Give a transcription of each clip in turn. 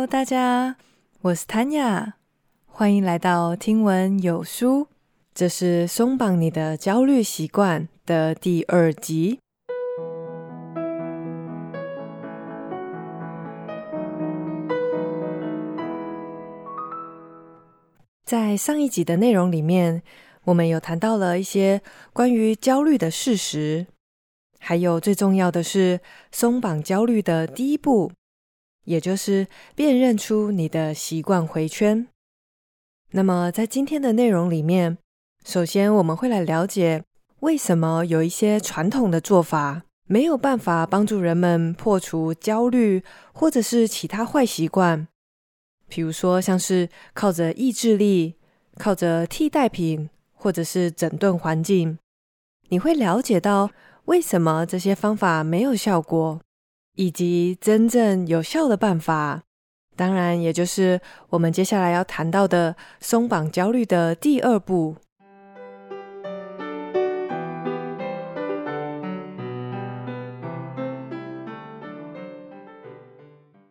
Hello，大家，我是 Tanya，歡迎來到聽聞有書。這是鬆綁你的焦慮習慣的第二集。在上一集的內容裡面，我們有談到了一些關於焦慮的事實，還有最重要的是鬆綁焦慮的第一步。也就是辨認出你的習慣回圈。那麼，在今天的內容裡面，首先我們會來了解為什麼有一些傳統的做法沒有辦法幫助人們破除焦慮或者是其他壞習慣。比如說，像是靠着意志力、靠着替代品或者是整頓環境，你會了解到為什麼這些方法沒有效果。以及真正有效的辦法，當然也就是我們接下來要談到的鬆綁焦慮的第二步。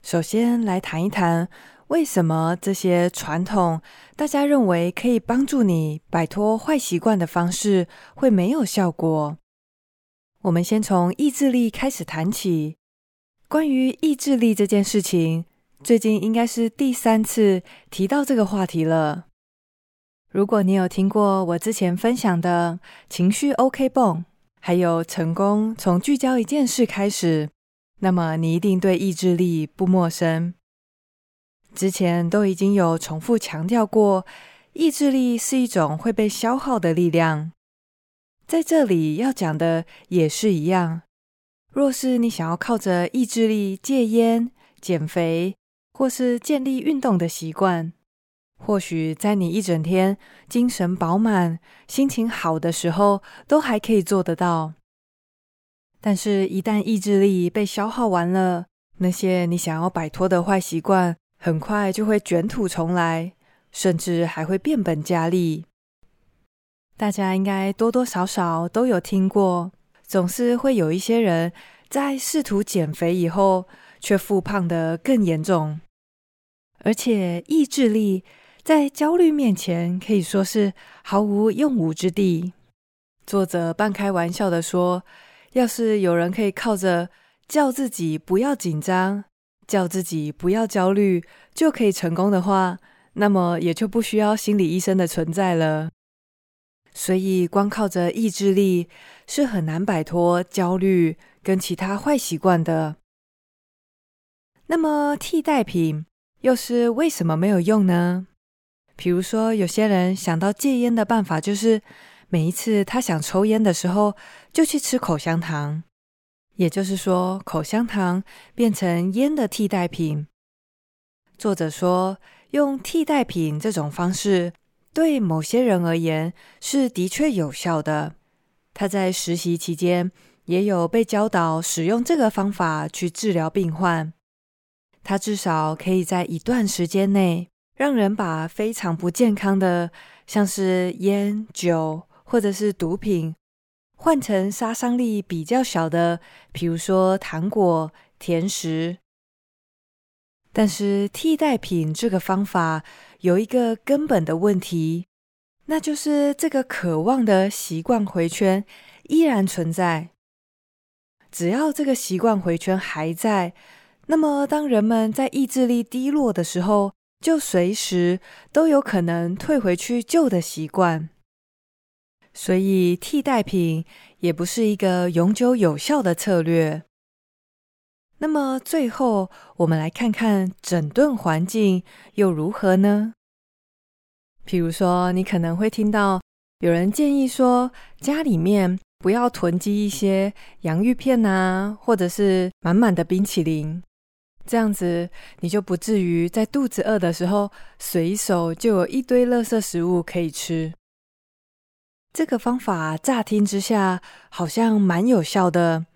首先來談一談，為什麼這些傳統大家認為可以幫助你擺脫壞習慣的方式會沒有效果？我們先從意志力開始談起。關於意志力這件事情，最近應該是第三次提到這個話題了。如果你有聽過我之前分享的情緒 OK 繃，還有成功從聚焦一件事開始，那麼你一定對意志力不陌生。之前都已經有重複強調過，意志力是一種會被消耗的力量，在這裡要講的也是一樣。若是你想要靠着意志力戒煙、減肥，或是建立運動的習慣，或許在你一整天精神飽滿、心情好的時候，都還可以做得到。但是，一旦意志力被消耗完了，那些你想要擺脫的壞習慣，很快就會捲土重來，甚至還會變本加厲。大家應該多多少少都有聽過。總是會有一些人在試圖減肥以後，卻復胖得更嚴重，而且意志力在焦慮面前可以說是毫無用武之地。作者半開玩笑地說：“要是有人可以靠着叫自己不要緊張，叫自己不要焦慮就可以成功的話，那麼也就不需要心理醫生的存在了。”所以，光靠着意志力是很難擺脫焦慮跟其他壞習慣的。那麼，替代品又是為什麼沒有用呢？比如說，有些人想到戒菸的辦法，就是每一次他想抽菸的時候，就去吃口香糖，也就是說，口香糖變成菸的替代品。作者說，用替代品這種方式，對某些人而言是的確有效的。他在實習期間也有被教導使用這個方法去治療病患。他至少可以在一段時間內讓人把非常不健康的，像是煙、酒或者是毒品，換成殺傷力比較小的，譬如說糖果、甜食。但是，替代品這個方法有一個根本的問題，那就是這個渴望的習慣迴圈依然存在。只要這個習慣迴圈還在，那麼當人們在意志力低落的時候，就隨時都有可能退回去舊的習慣。所以，替代品也不是一個永久有效的策略。那麼最後，我們來看看整頓環境又如何呢？譬如說，你可能會聽到有人建議說，家裡面不要囤積一些洋芋片啊，或者是滿滿的冰淇淋，這樣子你就不至於在肚子餓的時候隨手就有一堆垃圾食物可以吃。這個方法乍聽之下好像蠻有效的。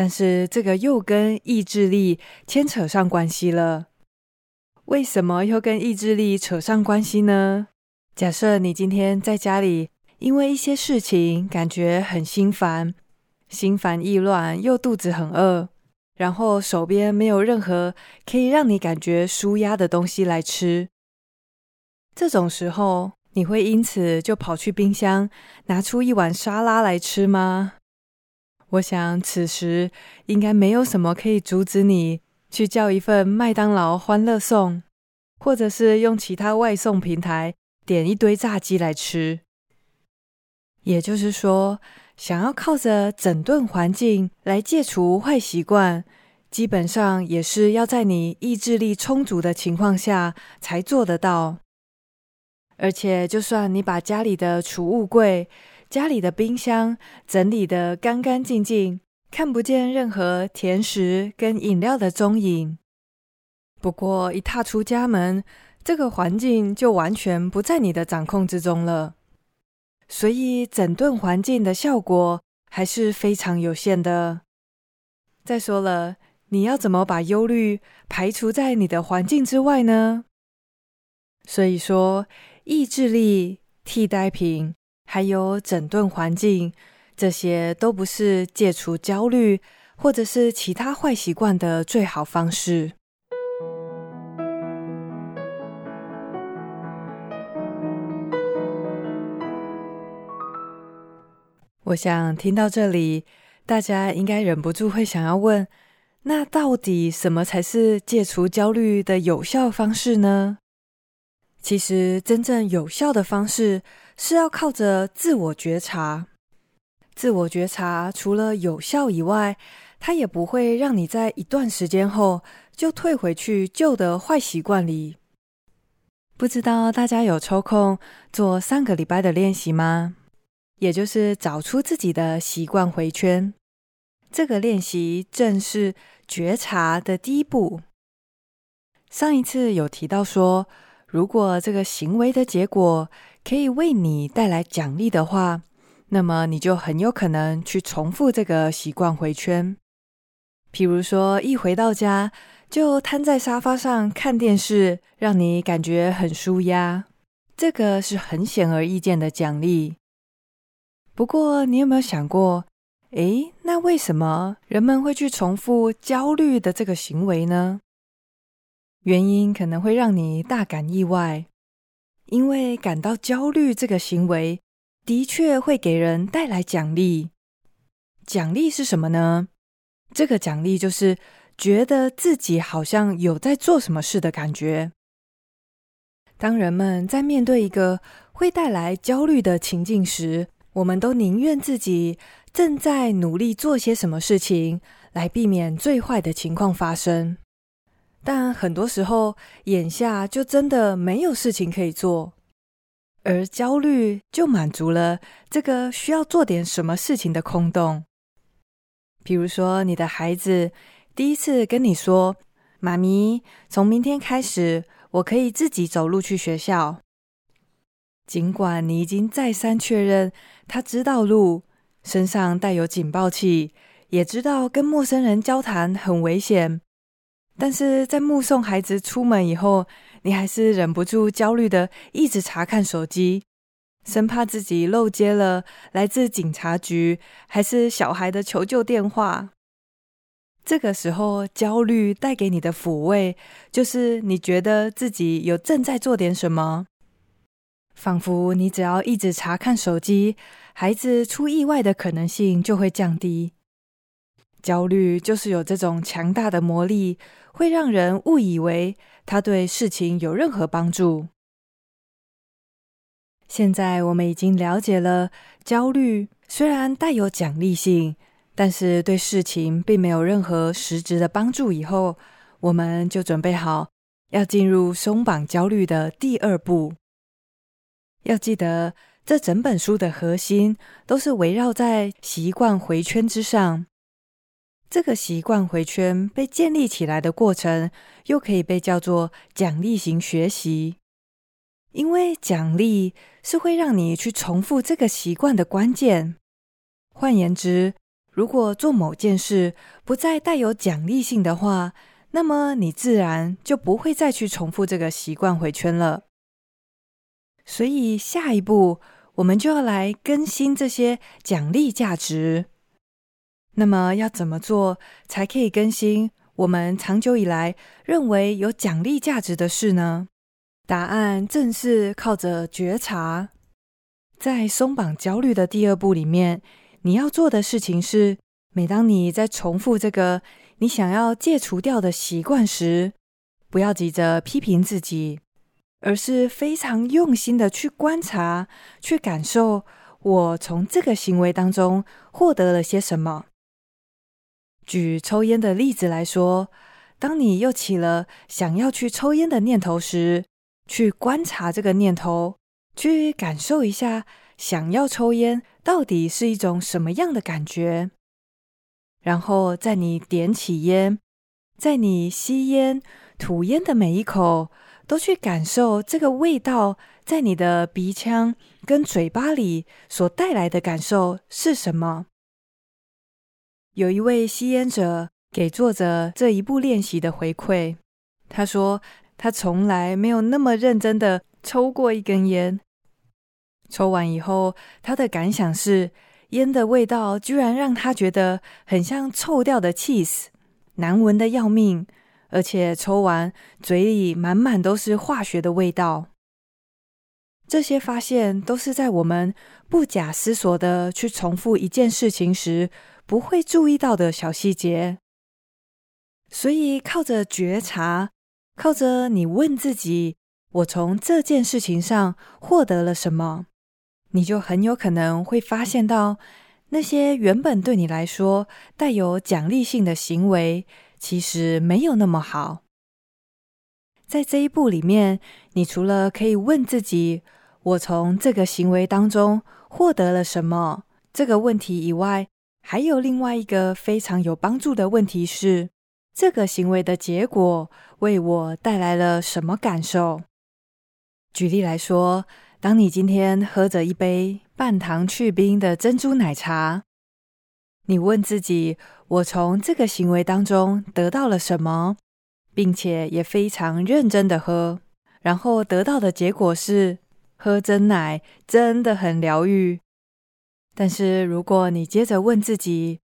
但是這個又跟意志力牽扯上關係了。為什麼又跟意志力扯上關係呢？假設你今天在家裡，因為一些事情感覺很心煩，心煩意亂，又肚子很餓，然後手邊沒有任何可以讓你感覺舒壓的東西來吃，這種時候，你會因此就跑去冰箱拿出一碗沙拉來吃嗎？我想，此時應該沒有什麼可以阻止你去叫一份麥當勞歡樂送，或者是用其他外送平台點一堆炸雞來吃。也就是說，想要靠着整頓環境來戒除壞習慣，基本上也是要在你意志力充足的情況下才做得到。而且，就算你把家裡的儲物櫃，家裡的冰箱整理得乾乾淨淨，看不見任何甜食跟飲料的蹤影。不過，一踏出家門，這個環境就完全不在你的掌控之中了。所以，整頓環境的效果還是非常有限的。再說了，你要怎麼把憂慮排除在你的環境之外呢？所以說，意志力替代品。還有整頓環境，這些都不是戒除焦慮或者是其他壞習慣的最好方式。我想聽到這裡，大家應該忍不住會想要問：那到底什麼才是戒除焦慮的有效方式呢？其實真正有效的方式是要靠着自我覺察。自我覺察除了有效以外，它也不會讓你在一段時間後就退回去舊的壞習慣裡。不知道大家有抽空做三個禮拜的練習嗎？也就是找出自己的習慣回圈。這個練習正是覺察的第一步。上一次有提到說，如果這個行為的結果可以為你帶來獎勵的話，那麼你就很有可能去重複這個習慣回圈。譬如說，一回到家就癱在沙發上看電視，讓你感覺很舒壓，這個是很顯而易見的獎勵。不過，你有沒有想過，誒，那為什麼人們會去重複焦慮的這個行為呢？原因可能會讓你大感意外，因為感到焦慮這個行為的確會給人帶來獎勵。獎勵是什麼呢？這個獎勵就是覺得自己好像有在做什麼事的感覺。當人們在面對一個會帶來焦慮的情境時，我們都寧願自己正在努力做些什麼事情，來避免最壞的情況發生。但很多時候，眼下就真的沒有事情可以做，而焦慮就滿足了這個需要做點什麼事情的空洞。比如說，你的孩子第一次跟你說：“媽咪，從明天開始，我可以自己走路去學校。”儘管你已經再三確認，他知道路，身上帶有警報器，也知道跟陌生人交談很危險。但是在目送孩子出門以後，你還是忍不住焦慮地一直查看手機，生怕自己漏接了來自警察局還是小孩的求救電話。這個時候，焦慮帶給你的撫慰，就是你覺得自己有正在做點什麼，仿佛你只要一直查看手機，孩子出意外的可能性就會降低。焦慮就是有這種強大的魔力。會讓人誤以為他對事情有任何幫助。現在我們已經了解了，焦慮雖然帶有獎勵性，但是對事情並沒有任何實質的幫助。以後我們就準備好要進入鬆綁焦慮的第二步。要記得，這整本書的核心都是圍繞在習慣迴圈之上。這個習慣回圈被建立起來的過程，又可以被叫做獎勵型學習，因為獎勵是會讓你去重複這個習慣的關鍵。換言之，如果做某件事不再帶有獎勵性的話，那麼你自然就不會再去重複這個習慣回圈了。所以下一步，我們就要來更新這些獎勵價值。那麼要怎麼做才可以更新我們長久以來認為有獎勵價值的事呢？答案正是靠着覺察。在鬆綁焦慮的第二步裡面，你要做的事情是：每當你在重複這個你想要戒除掉的習慣時，不要急着批評自己，而是非常用心的去觀察、去感受，我從這個行為當中獲得了些什麼。舉抽菸的例子來說，當你又起了想要去抽菸的念頭時，去觀察這個念頭，去感受一下想要抽菸到底是一種什麼樣的感覺。然後，在你點起菸，在你吸菸、吐菸的每一口，都去感受這個味道在你的鼻腔跟嘴巴裡所帶來的感受是什麼。有一位吸煙者給作者這一步練習的回饋。他說：“他從來沒有那麼認真的抽過一根煙。抽完以後，他的感想是，煙的味道居然讓他覺得很像臭掉的起司，難聞的要命，而且抽完嘴裡滿滿都是化學的味道。這些發現都是在我們不假思索的去重複一件事情時。”不會注意到的小細節，所以靠着覺察，靠着你問自己：“我從這件事情上獲得了什麼？”你就很有可能會發現到，那些原本對你來說帶有獎勵性的行為，其實沒有那麼好。在這一步裡面，你除了可以問自己：“我從這個行為當中獲得了什麼？”這個問題以外，還有另外一個非常有幫助的問題是：這個行為的結果為我帶來了什麼感受？舉例來說，當你今天喝着一杯半糖去冰的珍珠奶茶，你問自己：“我從這個行為當中得到了什麼？”並且也非常認真的喝，然後得到的結果是：喝珍奶真的很療癒。但是，如果你接着問自己，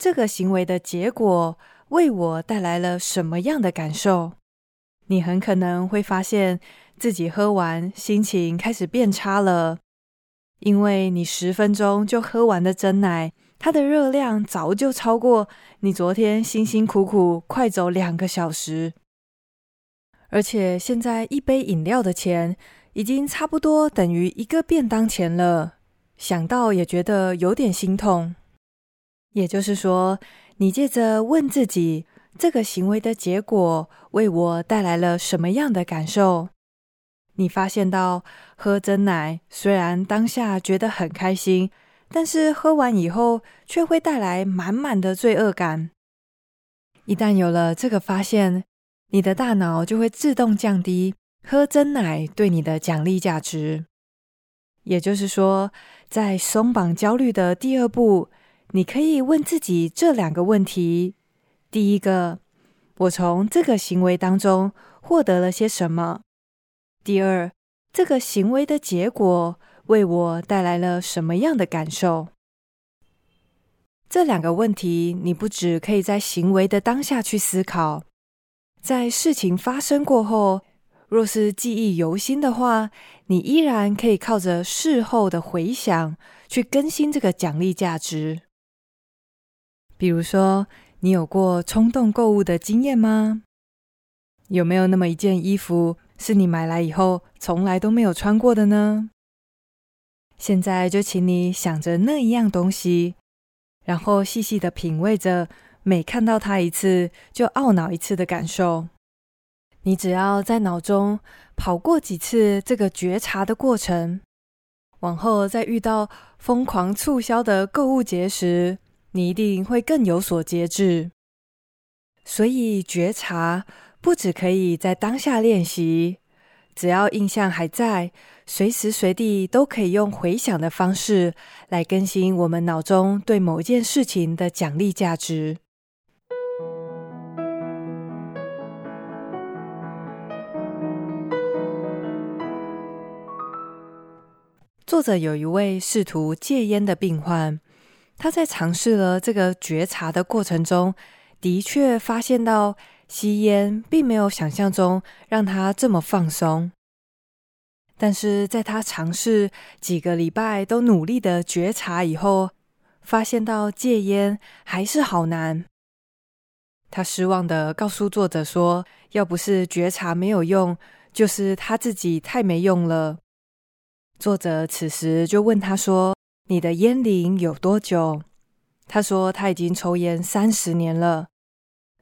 這個行為的結果為我帶來了什麼樣的感受，你很可能會發現自己喝完，心情開始變差了。因為你十分鐘就喝完的珍奶，它的熱量早就超過你昨天辛辛苦苦快走兩個小時，而且現在一杯飲料的錢，已經差不多等於一個便當錢了。想到也覺得有點心痛，也就是說，你借着問自己，這個行為的結果為我帶來了什麼樣的感受？你發現到，喝珍奶雖然當下覺得很開心，但是喝完以後卻會帶來滿滿的罪惡感。一旦有了這個發現，你的大腦就會自動降低喝珍奶對你的獎勵價值。也就是說，在鬆綁焦慮的第二步，你可以問自己這兩個問題：第一個，我從這個行為當中獲得了些什麼？第二，這個行為的結果為我帶來了什麼樣的感受？這兩個問題，你不止可以在行為的當下去思考，在事情發生過後。若是記憶猶新的話，你依然可以靠着事後的回想去更新這個獎勵價值。比如說，你有過衝動購物的經驗嗎？有沒有那麼一件衣服是你買來以後從來都沒有穿過的呢？現在就請你想着那一樣東西，然後細細的品味着每看到它一次就懊惱一次的感受。你只要在腦中跑過幾次這個覺察的過程，往後再遇到瘋狂促銷的購物節時，你一定會更有所節制。所以覺察不只可以在當下練習，只要印象還在，隨時隨地都可以用回想的方式來更新我們腦中對某件事情的獎勵價值。作者有一位試圖戒菸的病患，他在嘗試了這個覺察的過程中，的確發現到吸菸並沒有想象中讓他這麼放鬆。但是在他嘗試幾個禮拜都努力的覺察以後，發現到戒菸還是好難。他失望的告訴作者說：“要不是覺察沒有用，就是他自己太沒用了。”作者此時就問他說：“你的菸齡有多久？”他說：“他已經抽菸三十年了。”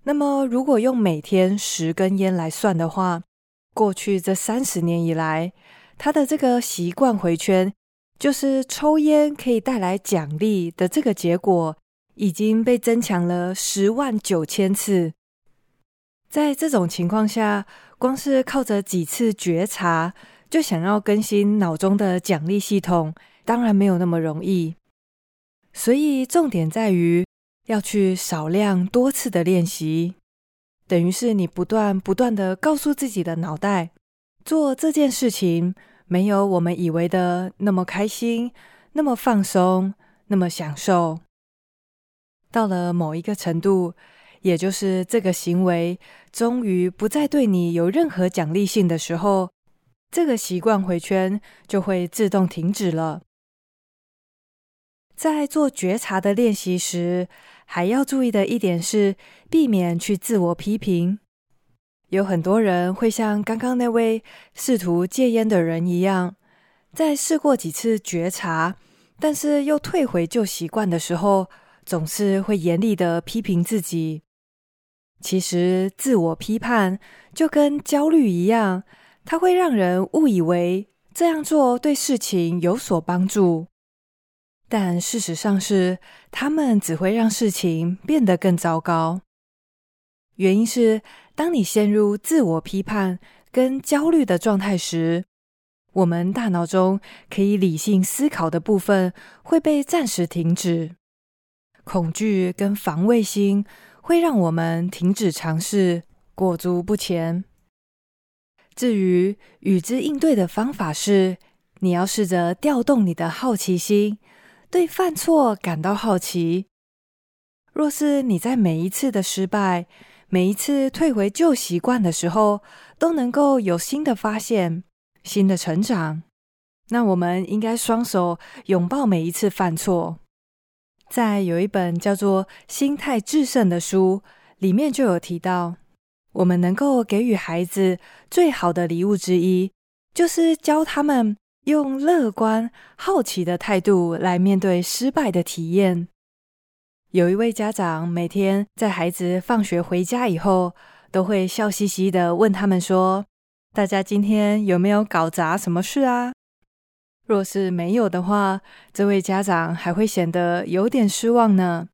那麼，如果用每天十根菸來算的話，過去這三十年以來，他的這個習慣回圈，就是抽菸可以帶來獎勵的這個結果，已經被增強了十萬九千次。在這種情況下，光是靠着幾次覺察，就想要更新腦中的獎勵系統，當然沒有那麼容易。所以重點在於要去少量多次的練習，等於是你不斷不斷的告訴自己的腦袋，做這件事情沒有我們以為的那麼開心、那麼放鬆、那麼享受。到了某一個程度，也就是這個行為終於不再對你有任何獎勵性的時候。這個習慣迴圈就會自動停止了。在做覺察的練習時，還要注意的一點是，避免去自我批評。有很多人會像剛剛那位試圖戒菸的人一樣，在試過幾次覺察，但是又退回舊習慣的時候，總是會嚴厲地批評自己。其實，自我批判就跟焦慮一樣。它會讓人誤以為這樣做對事情有所幫助，但事實上是，他們只會讓事情變得更糟糕。原因是，當你陷入自我批判跟焦慮的狀態時，我們大腦中可以理性思考的部分會被暫時停止，恐懼跟防衛心會讓我們停止嘗試，裹足不前。至於與之應對的方法是，你要試着調動你的好奇心，對犯錯感到好奇。若是你在每一次的失敗、每一次退回舊習慣的時候，都能夠有新的發現、新的成長，那我們應該雙手擁抱每一次犯錯。在有一本叫做《心態致勝》的書裡面就有提到。我們能夠給予孩子最好的禮物之一，就是教他們用樂觀、好奇的態度來面對失敗的體驗。有一位家長每天在孩子放學回家以後，都會笑嘻嘻地問他們說：“大家今天有沒有搞砸什麼事啊？”若是沒有的話，這位家長還會顯得有點失望呢。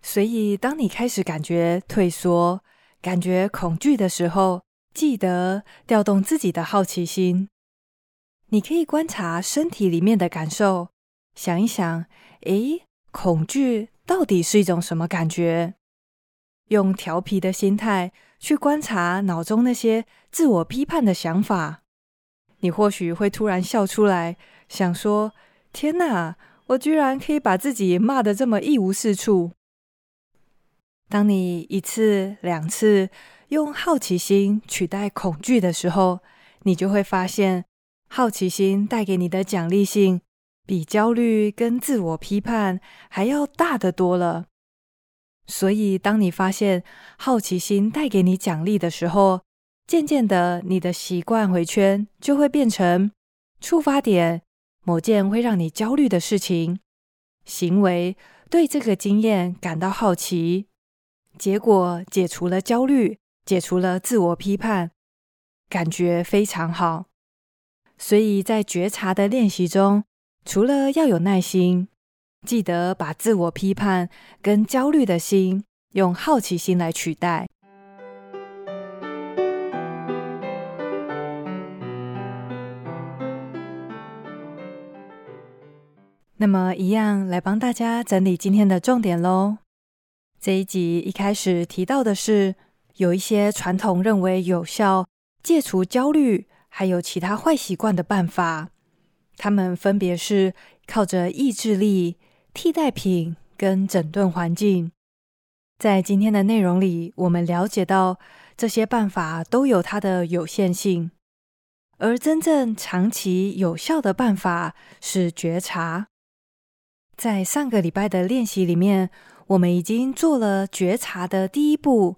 所以，當你開始感覺退縮，感覺恐懼的時候，記得調動自己的好奇心。你可以觀察身體裡面的感受，想一想，哎，恐懼到底是一種什麼感覺？用調皮的心態去觀察腦中那些自我批判的想法，你或許會突然笑出來，想說：“天哪，我居然可以把自己罵得這麼一無是處。”當你一次兩次用好奇心取代恐懼的時候，你就會發現好奇心帶給你的獎勵性比焦慮跟自我批判還要大得多了。所以，當你發現好奇心帶給你獎勵的時候，漸漸的，你的習慣回圈就會變成觸發點：某件會讓你焦慮的事情，行為，對這個經驗感到好奇。結果解除了焦慮，解除了自我批判，感覺非常好。所以在覺察的練習中，除了要有耐心，記得把自我批判跟焦慮的心，用好奇心來取代。那麼一樣來幫大家整理今天的重點嘍。這一集一開始提到的是有一些傳統認為有效戒除焦慮還有其他壞習慣的辦法，他們分別是靠着意志力、替代品跟整頓環境。在今天的內容裡，我們了解到這些辦法都有它的有限性，而真正長期有效的辦法是覺察。在上個禮拜的練習裡面。我們已經做了覺察的第一步，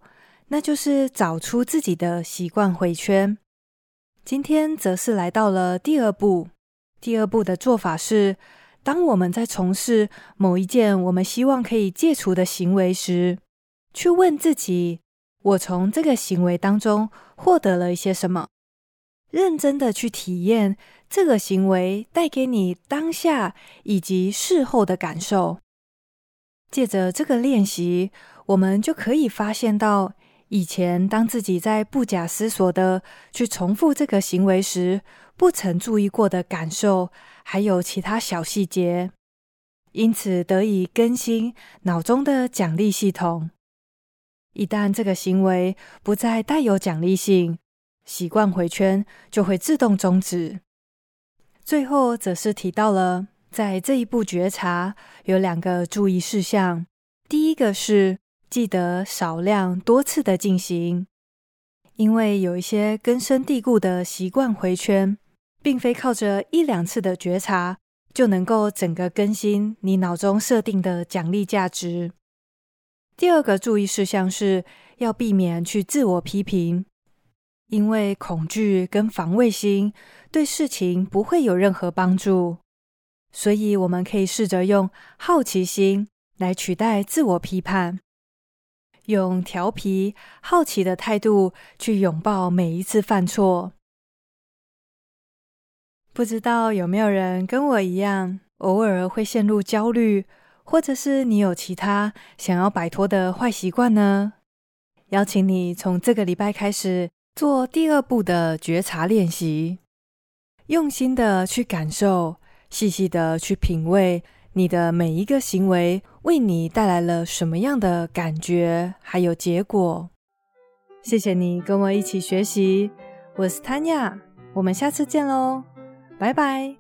那就是找出自己的習慣回圈。今天則是來到了第二步。第二步的做法是，當我們在從事某一件我們希望可以戒除的行為時，去問自己：我從這個行為當中獲得了一些什麼？認真的去體驗這個行為帶給你當下以及事後的感受。借着這個練習，我們就可以發現到，以前當自己在不假思索地去重複這個行為時，不曾注意過的感受，還有其他小細節，因此得以更新腦中的獎勵系統。一旦這個行為不再帶有獎勵性，習慣回圈就會自動終止。最後則是提到了。在這一步覺察，有兩個注意事項。第一個是記得少量多次的進行，因為有一些根深蒂固的習慣回圈，並非靠着一兩次的覺察就能夠整個更新你腦中設定的獎勵價值。第二個注意事項是要避免去自我批評，因為恐懼跟防衛心對事情不會有任何幫助。所以，我們可以試着用好奇心來取代自我批判，用調皮好奇的態度去擁抱每一次犯錯。不知道有沒有人跟我一樣，偶爾會陷入焦慮，或者是你有其他想要擺脫的壞習慣呢？邀請你從這個禮拜開始做第二步的覺察練習，用心的去感受。細細的去品味你的每一個行為，為你帶來了什麼樣的感覺，還有結果。謝謝你跟我一起學習，我是 Tanya，我們下次見嘍，拜拜。